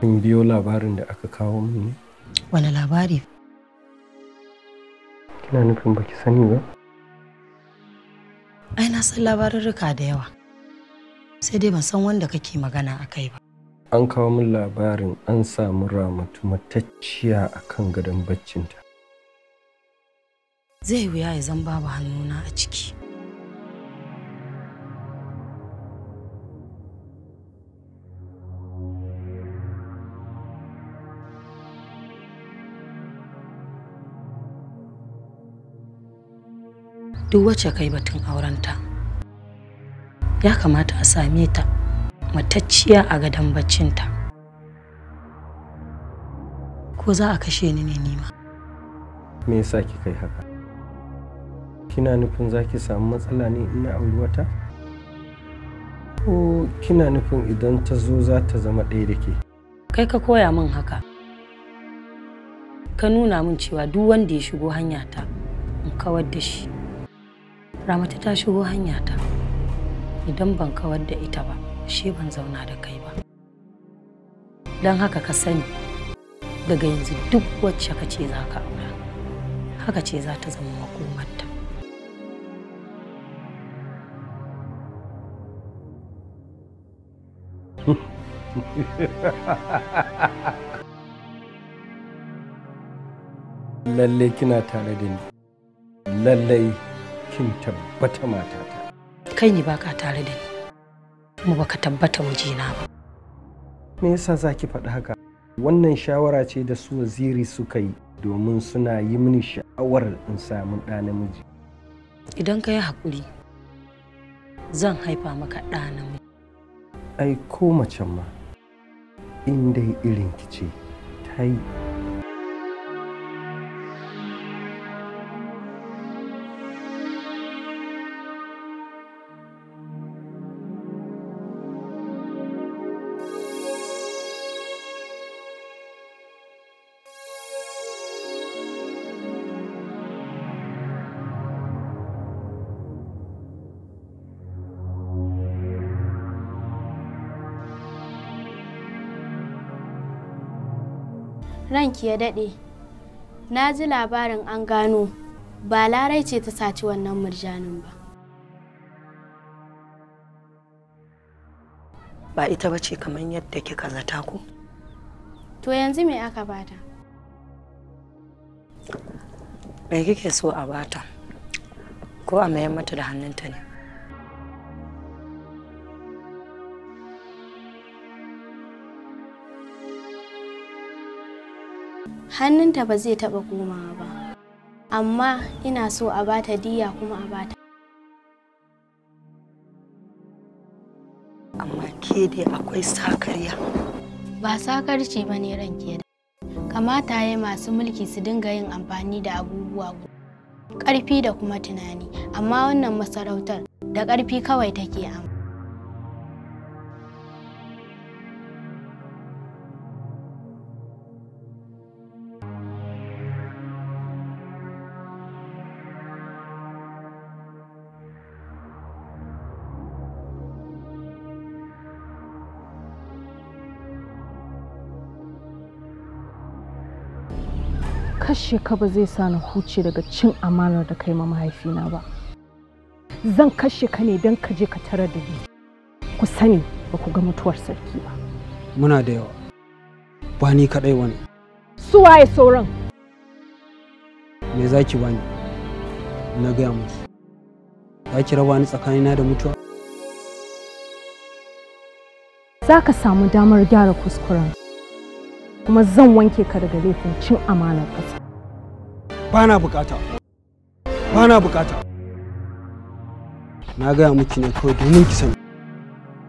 Kun biyo labarin da aka kawo mini? Wani labari? Kina nufin baki sani ba? Ai na san labarurruka da yawa. Sai dai ban san wanda kake magana a kai ba. An kawo min labarin an samu ramatu matacciya a kan gadon baccinta. Zai wuya ya zan babu hannuna a ciki. duk wacce kai batun auren ta ya kamata a same ta matacciya a gadon baccinta ko za a kashe ni ne nima me yasa ki kai haka kina nufin za ki samu matsala ne ina auri wata ko kina nufin idan ta zo za ta zama ɗaya da ke kai ka koya min haka ka nuna min cewa duk wanda ya shigo hanyata in kawar da shi Ramatu ta shigo hanya ta Idan ban kawar da ita ba, shi ban zauna da kai ba. Don haka ka sani, daga yanzu duk wacce ka ce za ka aura, haka ce za ta zama makomarta. Lallai kina tare da ni. Lallai kin tabbata matata kai ne baka tare da ni kuma baka tabbata mijina ba me yasa zaki faɗi haka wannan shawara ce da su waziri suka yi domin suna yi mini sha'awar in samu ɗa namiji idan ka yi haƙuri zan haifa maka ɗa namiji ai ko macen ma in dai irin ki ce ta yi ranki ya daɗe na ji labarin an gano ba larai ce ta saci wannan murjanin ba ba ita ba ce kamar yadda kika zata ku to yanzu me aka bata me kike so a bata ko a mayar mata da hannunta ne hannunta ba zai taɓa komawa ba amma ina so a bata diya kuma a bata amma ke dai akwai sakarya ba sakarci ba ne ranke da kamata ya masu mulki su dinga yin amfani da abubuwa ƙarfi da kuma tunani amma wannan masarautar da ƙarfi kawai take amma kashe ka ba zai sa na huce daga cin amanar da kai ma mahaifina ba zan kashe ka ne don ka je ka tarar da ni ku sani ba ku ga mutuwar sarki ba muna da yawa ba ni kaɗai wani su waye sauran me za ki bani na gaya musu za ki raba ni tsakanina da mutuwa za ka samu damar gyara kuskuren kuma zan wanke ka daga laifin cin amanar ƙasa. Bana bukata. Bana bukata. Na gaya miki ne kawai domin ki sani.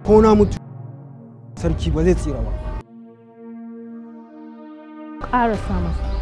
Ko na mutu sarki ba zai tsira ba. ƙara masa.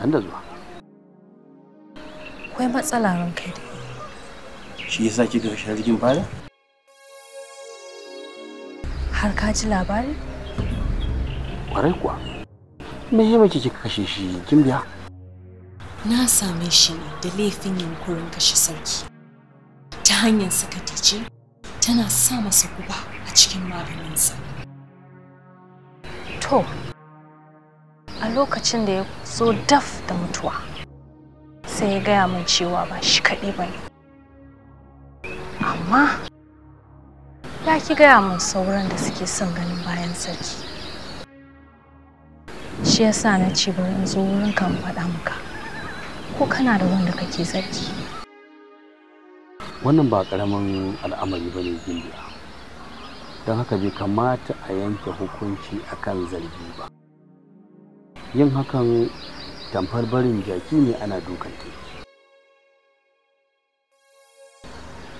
san da zuwa akwai matsala kai da shi yasa ga shiga cikin fada har ka ji labari kwarai kuwa me yi mace kika kashe shi kin biya na same shi ne da laifin yunkurin kashe sarki ta hanyar saka tana sa masa guba a cikin maganinsa to a lokacin da ya so daf da mutuwa sai ya gaya min cewa ba shi kaɗi ba ne amma ya ki gaya min sauran da suke son ganin bayan sarki shi ya sa na ce bari in zo wurin kan faɗa maka ko kana da wanda kake sarki wannan ba ƙaramin al'amari ba ne gindiya don haka bai kamata a yanke hukunci akan zargi ba yin hakan tamfar barin jaki ne ana dukan ta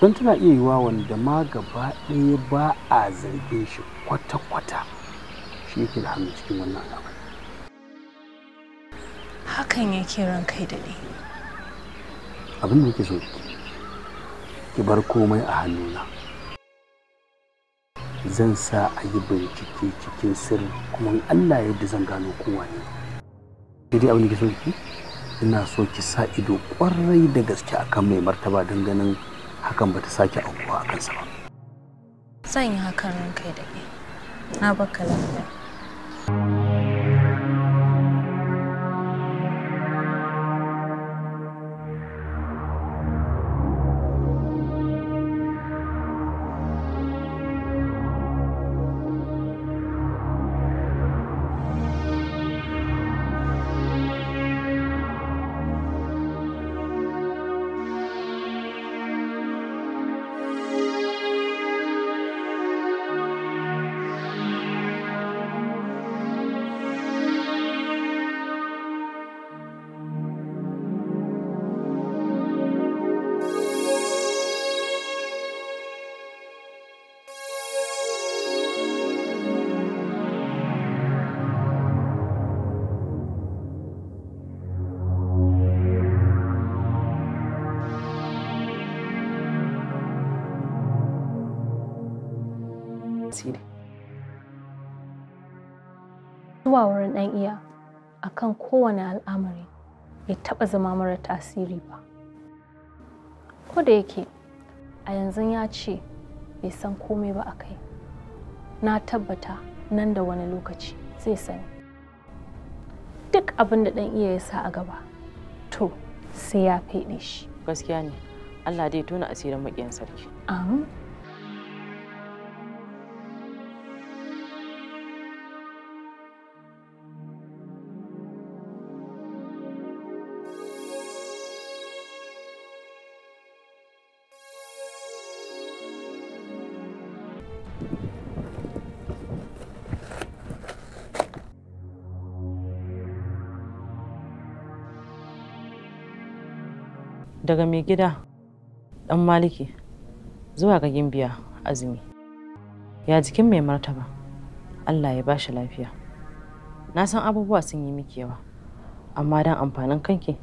don tana iya yiwa wanda ma gaba ɗaya ba a zargin shi kwata-kwata shi yake da hannu cikin wannan al'amari hakan ke ran kai da ne abin da yake so ki bar komai a hannuna zan sa a yi bincike cikin sirri kuma Allah yadda zan gano kowa ne dai abin da ke so ki ina so ki sa ido kwarai da gaske akan mai martaba don ganin hakan ba ta sake aukuwa a kansa ba zan yi hakan kai da ke na baka lafiya zuwa wurin ɗan iya kan kowane al'amari ya taɓa zama mara tasiri ba ko da yake a yanzu ya ce bai san komai ba a kai na tabbata nan da wani lokaci zai sani duk abin da ɗan iya ya sa a gaba to sai ya feɗe shi gaskiya ne allah dai tona asirin maƙiyan sarki daga mai gida dan maliki zuwa ga gimbiya azumi ya jikin mai martaba allah ya bashi lafiya na san abubuwa sun yi miki yawa amma don amfanin kanki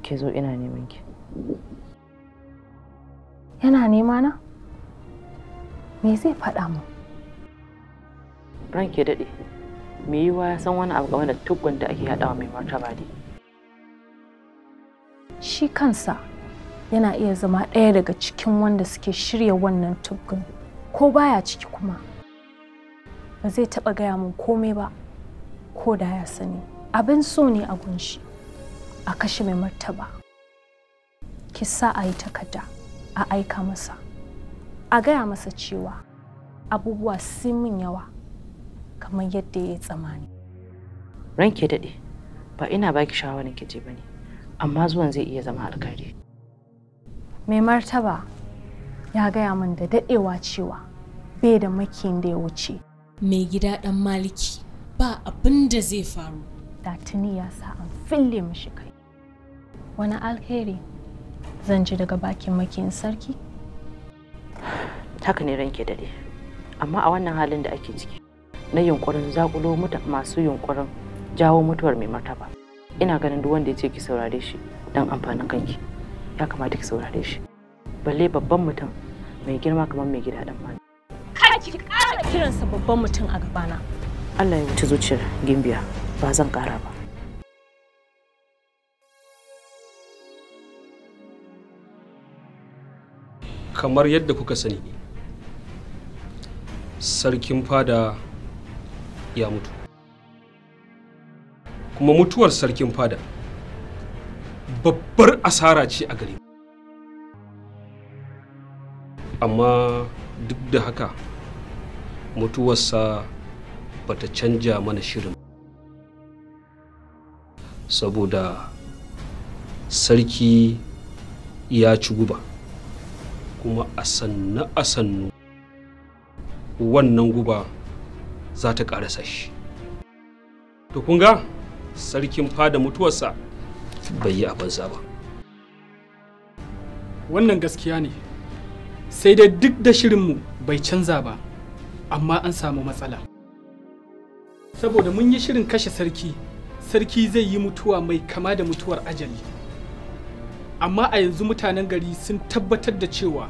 ke zo ina neman ki yana nema na me zai faɗa mu ranke daɗe me yiwa ya san wani abu game da tukun da ake haɗawa mai martaba dai shi kansa yana iya zama ɗaya daga cikin wanda suke shirya wannan tuggun ko baya ciki kuma ba zai taɓa gaya min komai ba ko da ya sani abin so ne a gunshi a kashe mai martaba ki sa a yi takarda a aika masa a gaya masa cewa abubuwa sun min yawa kamar yadda ya yi tsamani ranke daɗe ba ina baki shawarar ki je ba ne amma zuwan zai iya zama alkari mai martaba ya gaya min da daɗewa cewa bai da makin da ya wuce mai gida ɗan maliki ba abin da zai faru da tuni ya sa an fille mishi kai wani alheri zan ji daga bakin makin sarki haka ne ranke dade amma a wannan halin da ake ciki na yunkurin zakulo masu yunkurin jawo mutuwar mai martaba ina ganin duk wanda ya ce ki saurare shi dan amfanin kanki ya kamata ki saurare shi balle babban mutum mai girma kamar mai gida dan mani kada ki kara kiransa babban mutum a gabana Allah ya wuce zuciyar gimbiya ba zan kara ba kamar yadda kuka sani sarkin fada ya mutu kuma mutuwar sarkin fada babbar asara ce a gari amma duk da haka mutuwarsa ba ta canja mana shirin saboda sarki ya ci guba kuma a sannu a sannu wannan guba za ta ƙarasa shi to kun sarkin fada mutuwarsa bai yi a ba wannan gaskiya ne sai dai duk da shirinmu bai canza ba amma an samu matsala saboda mun yi shirin kashe sarki sarki zai yi mutuwa mai kama da mutuwar ajali amma a yanzu mutanen gari sun tabbatar da cewa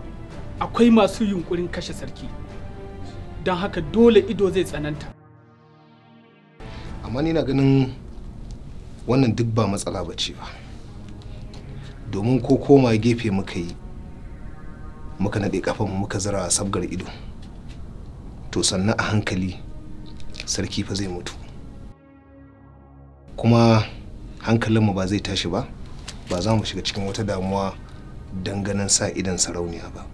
akwai masu yunkurin kashe sarki don haka dole ido zai tsananta amma ni na ganin wannan duk ba matsala ba ce ba domin ko koma gefe muka yi muka naɗe kafan muka zira a sabgar ido to sannan a hankali sarki fa zai mutu kuma hankalinmu ba zai tashi ba ba za mu shiga cikin wata damuwa danganan sa idan sarauniya ba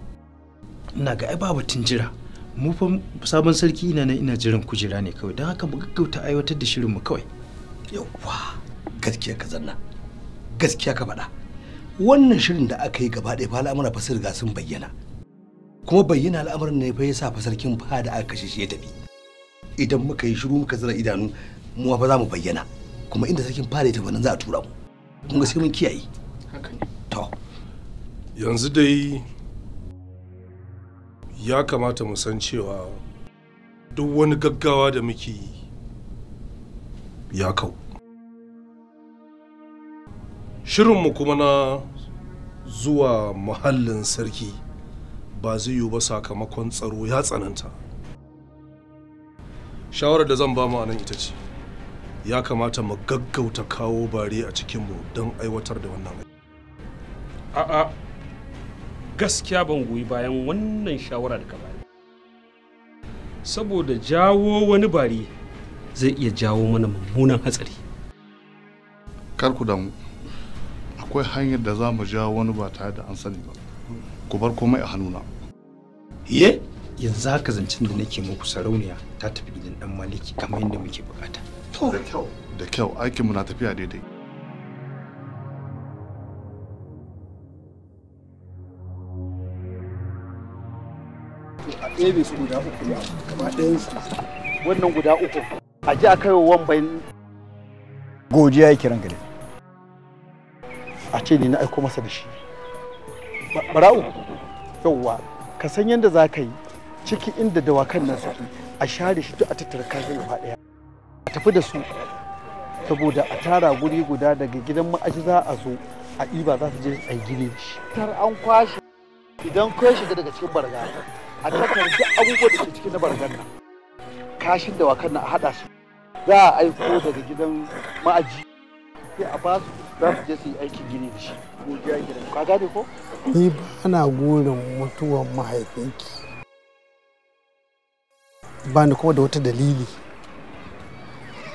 ina ga ai ba batun jira mu fa sabon sarki ina nan ina jiran kujera ne kawai don haka mu gaggauta aiwatar da shirinmu kawai yawwa gaskiya ka zanna gaskiya ka faɗa wannan shirin da aka yi gaba ɗaya fa al'amura fasir ga sun bayyana kuma bayyana al'amuran ne fa yasa fa sarkin fa da aka kashe shi ya tafi idan muka yi shiru muka zira idanu mu fa za mu bayyana kuma inda sarkin fa da ya tafi nan za a tura mu kun ga sai mun kiyaye haka ne to yanzu dai ya kamata mu san cewa duk wani gaggawa da muke yi ya kau Shirin mu kuma na zuwa muhallin sarki ba zai yiwu ba sakamakon tsaro ya tsananta shawarar da zan ba mu nan ita ce ya kamata mu gaggauta kawo bare a cikinmu don aiwatar da wannan a'a gaskiya ban goyi bayan wannan shawara da ka saboda jawo wani bare zai iya jawo mana mummunan hatsari kar ku damu akwai hanyar da za mu ja wani ba tare da an sani ba ku bar komai a hannuna ye yanzu haka zancen da nake muku sarauniya ta tafi gidan dan maliki kamar yadda muke bukata da kyau da kyau aikin mu na tafiya daidai a su guda uku ya gaba ɗayansu wannan guda uku a ji a kai wa bayan godiya ya kiran gari. a ce ni na aiko masa da shi barau yauwa ka san yadda za ka yi ciki inda dawakan nan suke a share shi a tattara kayan gaba faɗaya a tafi da su saboda a tara guri guda daga gidan ma'aji za a zo a ɗiba za su je a yi gine shi tar an kwashe idan ka shiga daga cikin barga a tattara da abubuwan da ke cikin na bargan nan kashin dawakan nan a haɗa su za a aiko daga gidan ma'aji sai a ba su za je su yi aikin gini da shi ko gidan ka gane ko ni ba na gurin mutuwar mahaifinki ba ni kuma da wata dalili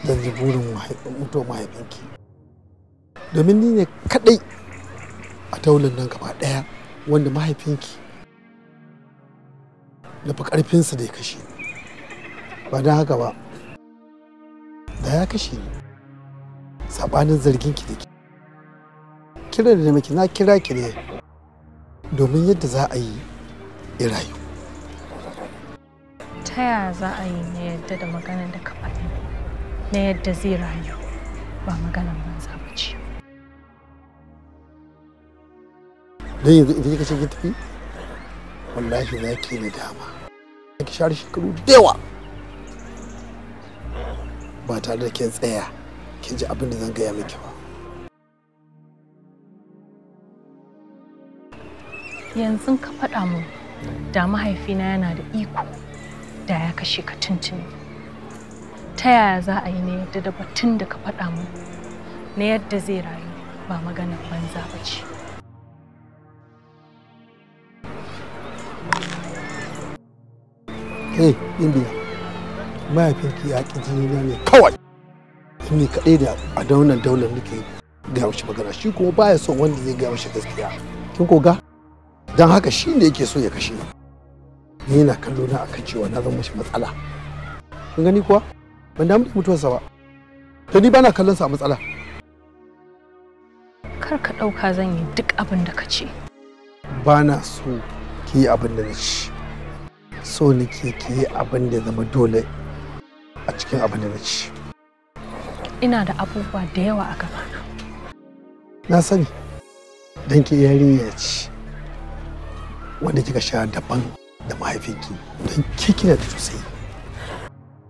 zan ji burin mutuwar mahaifinki domin ni ne kadai a taulin nan gaba daya wanda mahaifinki da fi karfinsa da ya kashe ba don haka ba da ya kashe ni sabanin zargin ki da ke kiran da miki na kira ki ne domin yadda za a yi irayu ta yaya za a yi na yadda da maganar da ka faɗi na yadda zai rayu ba maganar banza ba ce don yanzu idan kika ce ki tafi wallahi za ki yi dama ki share shekaru da yawa ba tare da kin tsaya kin ji abin da zan gaya miki ba yanzu ka faɗa mu da mahaifina yana da iko da ya kashe ka tuntuni ta yaya za a yi na yadda da batun da ka faɗa mu na yadda zai rayu ba maganar banza ba ce hey indiya mahaifinki ya ƙi jini ne kawai ni kaɗai da a daunan daular nake gaya mashi magana shi kuma baya son wanda zai gaya mashi gaskiya kin ko ga don haka shi ne yake so ya kashe ni na kallo na akan cewa na zama mashi matsala kin gani kuwa ban damu da mutuwarsa ba to ni bana kallon sa matsala kar ka ɗauka zan yi duk abin da ka ce bana so ki yi abin da na ci so nake ki yi abin da zama dole a cikin abin da na ci ina da abubuwa da yawa a gaba na sani dan ki yarinya ce wanda kika sha daban da mahaifinki don ki kina da sosai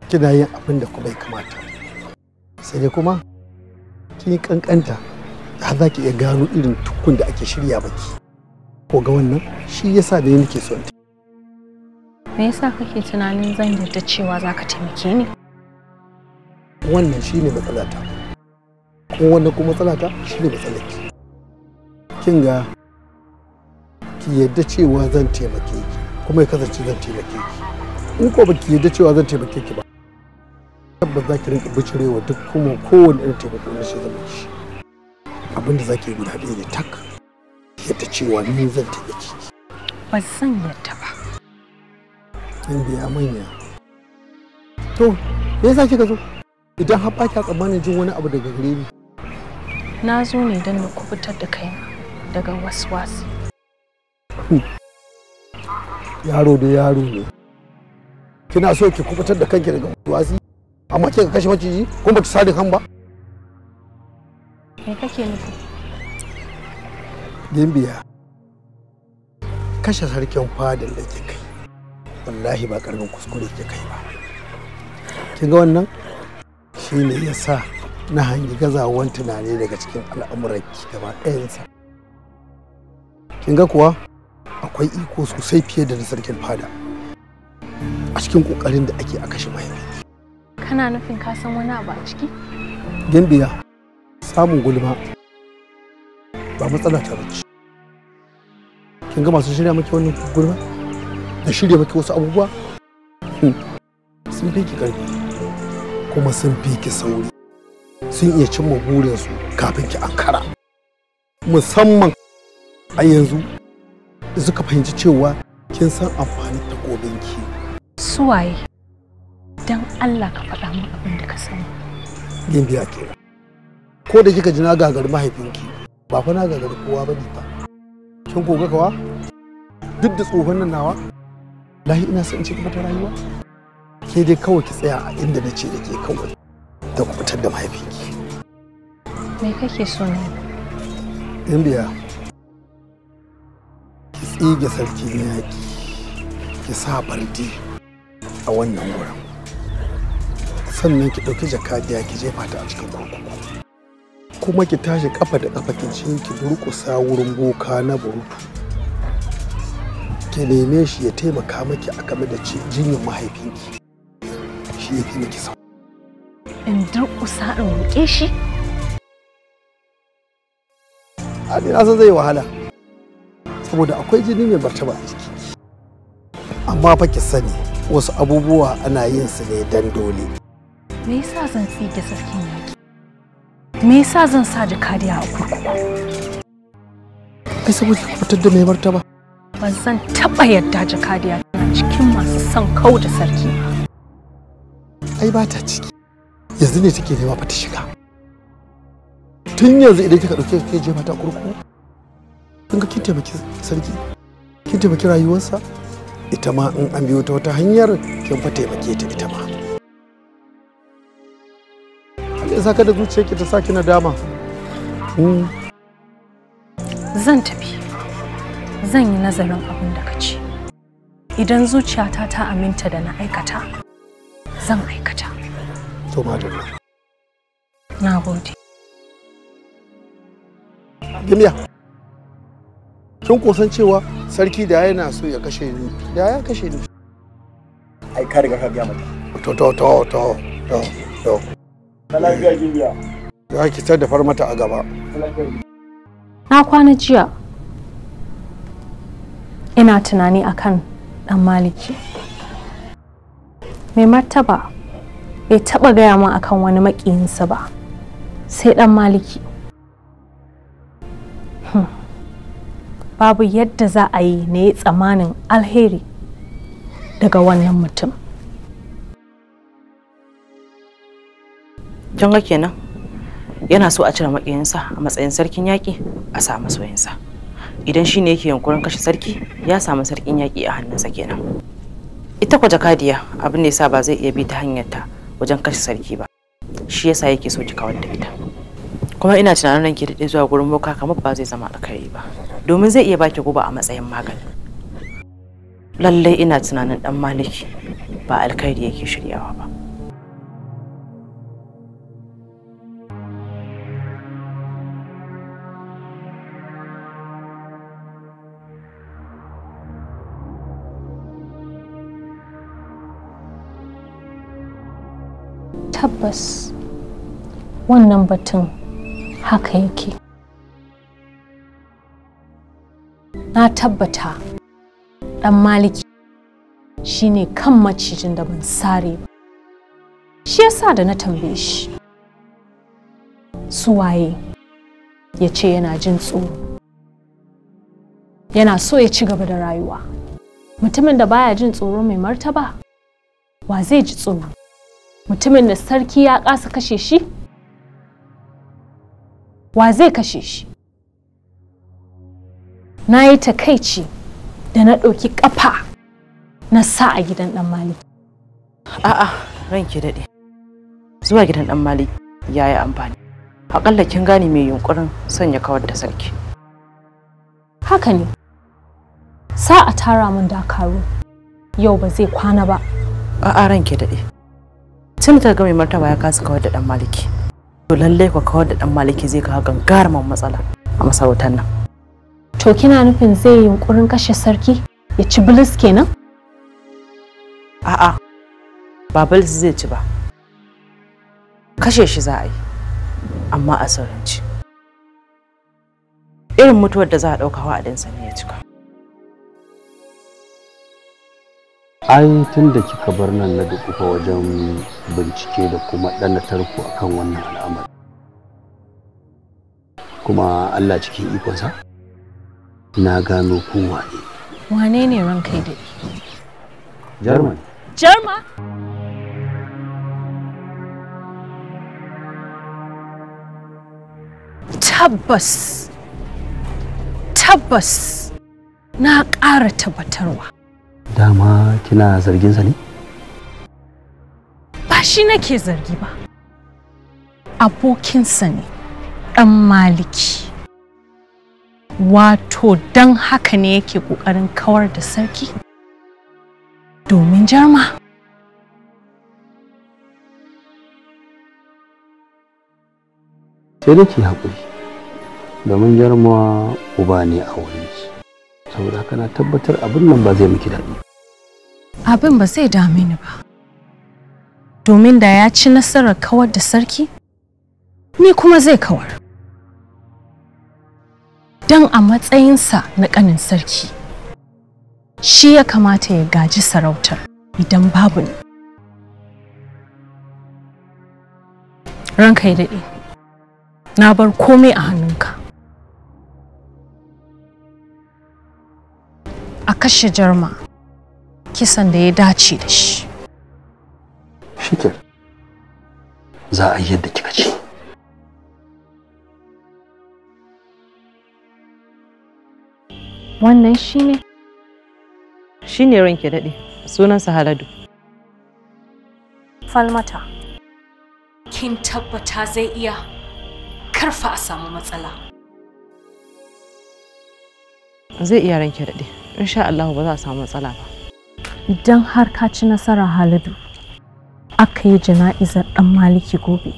kina yin abin da kuma ya kamata sai dai kuma ki kankanta da za ki iya gano irin tukun da ake shirya baki ko ga wannan shi yasa da nake son ta me yasa kake tunanin zan yarda cewa zaka taimake ni wannan shi ne matsalata ko wannan kuma matsalata shi ne matsalaki kin ga ki yadda cewa zan taimake ki kuma ya kasance zan taimake ki in ko baki yadda cewa zan taimake ki ba tabbas za ki rinka bicirewa duk kuma kowane irin taimako na shi zama shi Abinda za ki yi guda ɗaya ne tak yadda cewa ni zan taimake ki ba zan yadda ba kin biya manya to me yasa kika zo idan har ba tsammanin jin wani abu daga gare ni na zo ne don na kubutar da kai daga waswasi yaro da yaro ne kina so ki kubutar da kanki daga waswasi amma kika kashe maciji kuma baki sadi kan ba me kake nufi gimbiya kashe sarkin fadin da ke kai wallahi ba karamin kuskure ke kai ba kin ga wannan shi ne ya sa na hangi gazawan tunani daga cikin ki gaba ɗayansa kin ga kuwa akwai iko sosai fiye da na sarkin fada a cikin ƙoƙarin da ake a kashe mahimmi kana nufin ka san wani abu a ciki gimbiya samun gulma ba matsala ta bace kin ga masu shirya maki wannan gulma da shirya maki wasu abubuwa hmm, sun fi ki karfi kuma sun fi ki sauri sun iya cimma burinsu kafin ki ankara musamman a yanzu suka fahimci cewa kin san amfani da ki suwaye don allah ka faɗa min abin da ka sani yin biya ke ko da kika ji na gagar mahaifinki ba fa na gagar kowa ba ne ba kin koga kawa duk da tsohon nan nawa lahi ina son ci gaba ta rayuwa ke dai kawai ki tsaya a inda na ce da ke kawai da kubutar da mahaifinki me kake so ne indiya ki tsige sarki na yaƙi ki sa bardi a wannan wurin sannan ki ɗauki jakadiya ki jefa ta a cikin kurkuku kuma ki tashi kafa da kafa ki ce ki durƙusa wurin boka na burutu ki neme shi ya taimaka maki a game da jinyar mahaifinki shi In durƙusa in roƙe shi? Adi na wahala. Saboda akwai jini mai martaba a jiki. Amma fa ki sani wasu abubuwa ana yin su ne dan dole. Me yasa zan tsige sarkin yaƙi? Me yasa zan sa jakadiya a kurkuku? Ai saboda ku fitar da mai martaba. Ban san taɓa yadda jakadiya tana cikin masu son kau da sarki. ai ba ta ciki yanzu ne take nema fa ta shiga tun yanzu idan kika dauke kai je mata kurkuku kin ga kin taimaki sarki kin taimaki rayuwarsa ita ma in an biyo ta wata hanyar kin fa taimake ta ita ma Allah ya saka da ki ta saki dama hmm. zan tafi zan yi nazarin abin da ka ce idan zuciyata ta aminta da na aikata zan aikata. To da Na gode. Gimiya. Kin kusan cewa sarki da na so ya kashe ni. Da ya kashe ni. Ai ka riga ka biya mata. To to to to to to. lafiya gimiya. Za ki sadafar mata a gaba. Na kwana jiya. Ina tunani akan dan maliki. mai martaba bai taɓa gaya min akan wani makiyinsa ba sai dan maliki hmm. babu yadda za a yi na yi tsamanin alheri daga wannan mutum jonga kenan yana so a cire makiyinsa a matsayin sarkin yaƙi a samu soyinsa idan shine yake yankurin kashe sarki ya samu sarkin yaƙi a hannunsa kenan ita kwa jakadiya abin da yasa ba zai iya bi ta hanyar ta wajen kashe sarki ba shi yasa yake so ki kawar da ita kuma ina tunanin nan ki daɗe zuwa gurin boka kamar ba zai zama alkhairi ba domin zai iya baki guba a matsayin magani lallai ina tunanin dan maliki ba alkhairi yake shiryawa ba tabbas wannan batun haka yake na tabbata dan maliki shine kan macijin da ban sare ba shi yasa da na tambaye shi su waye ya ce yana jin tsoro yana so ya ci gaba da rayuwa mutumin da baya jin tsoro mai martaba wa zai ji tsoro mutumin da sarki ya kasa kashe shi wa zai kashe shi na yi takaici da na ɗauki ƙafa na sa a gidan ɗan maliki a'a ranki daɗe zuwa gidan ɗan mali ya yi amfani aƙalla kin gane mai yunƙurin sanya kawar da sarki haka ne sa a tara min dakaru yau ba zai kwana ba a'a ranki daɗe tun ta ga mai martaba ya kasa kawar da dan maliki to lallai ku kawar da dan maliki zai kawo gangaraman matsala a masarautar nan to kina nufin zai yi yunkurin kashe sarki ya ci bilis kenan a'a ba bilis zai ci ba kashe shi za a yi amma a sauranci irin mutuwar da za a ɗauka adinsa ne ya cika ai tun da kika bar nan na dukufa wajen bincike da kuma ɗana tarko akan wannan al'amari kuma allah cikin ikonsa na gano ku wane wane ne ran kai da german german tabbas tabbas na ƙara tabbatarwa dama kina zarginsa ne ba shi nake zargi ba abokinsa ne dan maliki wato don haka ne yake ƙoƙarin kawar da sarki domin jarma sai da ke haƙuri domin jarma uba ne a wurin saboda haka na tabbatar abin nan ba zai miki daɗi abin ba zai dame ni ba. Domin da ya ci nasarar kawar da sarki, ni kuma zai kawar. Don a matsayinsa na ƙanin sarki, shi ya kamata ya gaji sarautar idan babu ni. Ranka ya daɗe, na bar komai a hannunka. A kashe jarma. kisan da ya dace da shi shike za a yi yadda kika ce wannan shi ne. shi ne ranke daɗe sunansa haladu falmata kin tabbata zai iya karfa a samu matsala zai iya ranke daɗe insha Allah ba za a samu matsala ba idan har ka ci nasara halidu aka yi jana'izar ɗan maliki gobe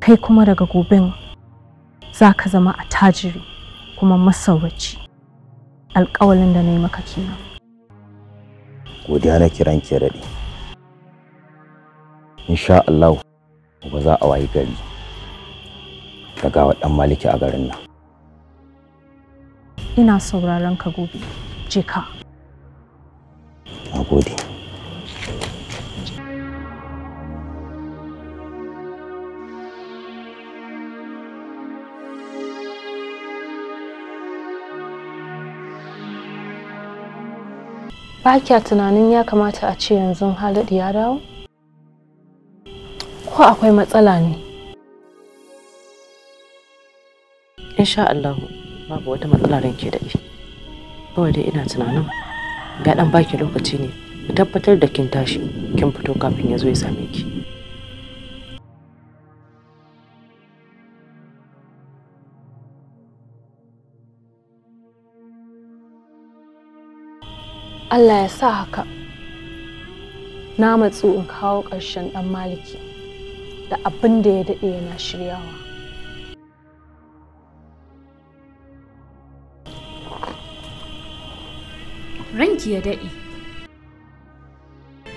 kai kuma daga goben za ka zama a tajiri kuma masauraci alƙawalin da na yi maka kenan godiya na kiran ke daɗi. insha Allah ba za a wayi gari ga wa ɗan maliki a garin nan ina sauraron ka gobe je na gode ba tunanin ya kamata a ce yanzu Haladu ya dawo? Ko akwai matsala ne? Insha Allah babu wata matsala ranke da ke. Kawai dai ina tunanin da dan baki lokaci ne ki tabbatar da kin tashi kin fito kafin ya zo ya same ki Allah ya sa haka na matsu in kawo ƙarshen ɗan maliki da abin da ya daɗe yana shiryawa ranki ya daɗe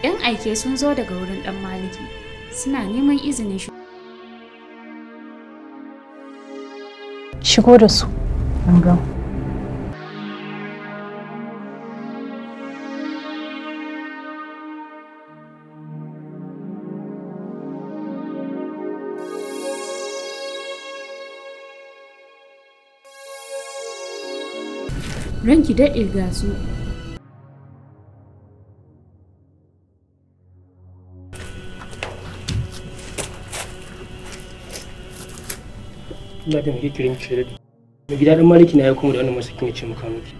yan aike sun zo daga wurin ɗan maliki suna neman izinin shi shigo da su ranki daɗe ga su Allah da muke kiran ki da mai gida dan maliki na ya kuma da wannan masakin ya ce muka miki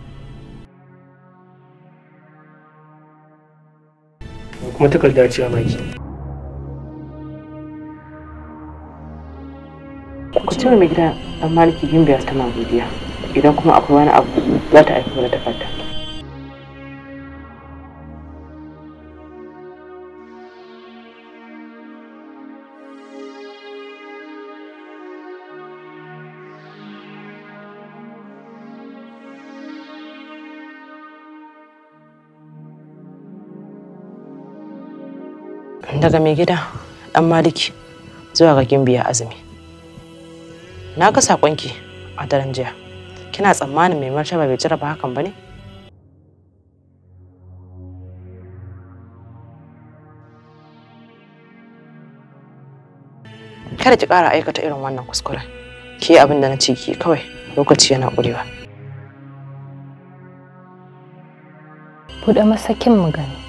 kuma takarda ce a baki ku ce mai gida dan maliki gimbiya ta magudiya, idan kuma akwai wani abu za ta aiki mana takarda daga mai gida dan maliki zuwa ga gimbiya azumi na ga sakonki a daren jiya kina tsammanin mai martaba bai jira ba hakan ba ne kada ki ƙara aikata irin wannan kuskuren ke yi abin da na ci ki kawai lokaci yana ƙurewa buɗe masakin mu